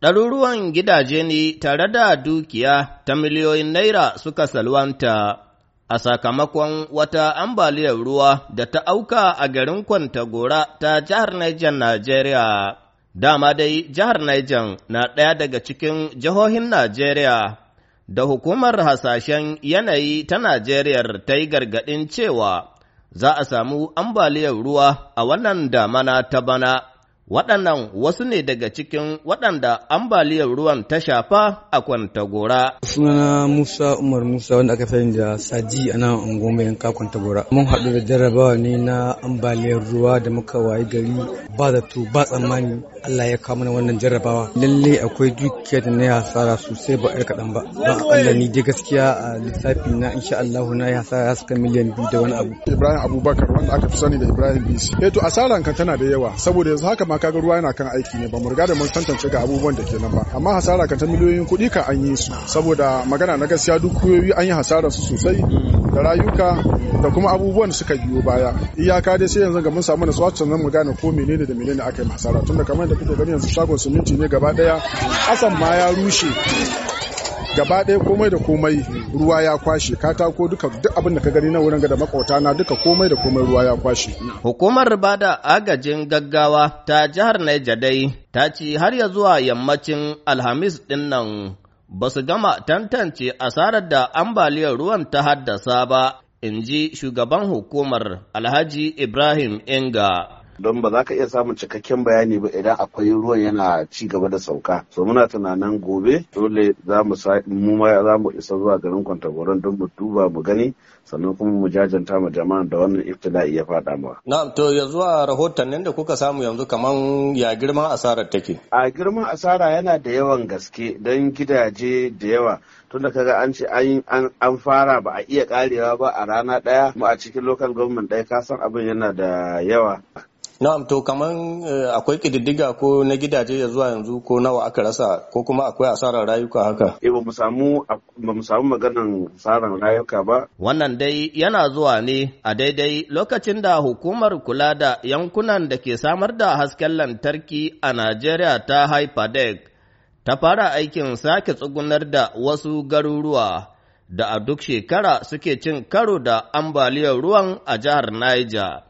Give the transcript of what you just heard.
ɗaruruwan gidaje ne tare da dukiya ta miliyoyin naira suka salwanta a sakamakon wata ambaliyar ruwa da ta auka a garin Kwantagora ta jihar Niger Najeriya. Dama dai jihar Niger na ɗaya daga cikin jihohin Najeriya da hukumar hasashen yanayi ta Najeriya ta yi gargaɗin cewa za a samu ambaliyar ruwa a wannan damana ta bana. Waɗannan wasu ne daga cikin waɗanda ambaliyar ruwan ta shafa a Kwantagora. Sunana Musa Umar Musa wanda aka sani da Saji a nan unguwar yanka Kwantagora. Mun haɗu da jarrabawa ne na ambaliyar ruwa da muka wayi gari ba zato ba tsammani Allah ya kawo mana wannan jarrabawa. Lalle akwai dukiya da na yi hasara sosai ba ɗaya kaɗan ba. Ba Allah ni dai gaskiya a lissafi na insha Allah na yi hasara ya suka miliyan biyu da wani abu. Ibrahim Abubakar wanda aka fi sani da Ibrahim Bisi. Eh to asaran ka tana da yawa saboda yanzu haka ma kaga ruwa yana kan aiki ne ba mu riga da mun tantance ga abubuwan da ke nan ba amma hasara kan ta miliyoyin kuɗi ka an yi su saboda magana na gaskiya duk kuyoyi an yi hasarar su sosai da rayuka da kuma abubuwan suka biyo baya iyaka dai sai yanzu ga mun samu nasuwa sannan mu gane ko menene da menene aka yi hasara tunda kamar da kuke gani yanzu shagon siminti ne gaba daya asan ma ya rushe gaba ɗaya komai da komai ruwa ya kwashe katako duka duk abin da ka gani na wurin ga da makauta na duka komai da komai ruwa ya kwashe hukumar bada agajin gaggawa ta jihar Niger dai ta ce har ya zuwa yammacin Alhamis din nan ba su gama tantance asarar da ambaliyar ruwan ta haddasa ba in ji shugaban hukumar Alhaji Ibrahim Inga don ba za ka iya samun cikakken bayani ba idan akwai ruwan yana ci gaba da sauka so muna tunanin gobe dole za mu mu ma za mu isa zuwa garin kwantagoron don mu duba mu gani sannan kuma mu jajanta ma jama'a da wannan iftila'i ya faɗa ma na'am to ya zuwa nan da kuka samu yanzu kaman ya girman asarar take a girman asara yana da yawan gaske don gidaje da yawa tunda kaga an ce an fara ba a iya karewa ba a rana daya mu a cikin local government daya kasan abin yana da yawa Na'am to kaman eh, akwai kididdiga ko na gidaje ya zuwa yanzu ko nawa aka rasa ko kuma akwai asarar rayuka haka. Eh ba mu samu ba mu samu maganan asarar rayuka ba. Wannan dai yana zuwa ne a daidai lokacin da hukumar kula da yankunan da ke samar da hasken lantarki a Najeriya ta Hyperdeck, ta fara aikin sake tsugunar da wasu garuruwa da a duk shekara suke cin karo da ambaliyar ruwan a jihar Niger.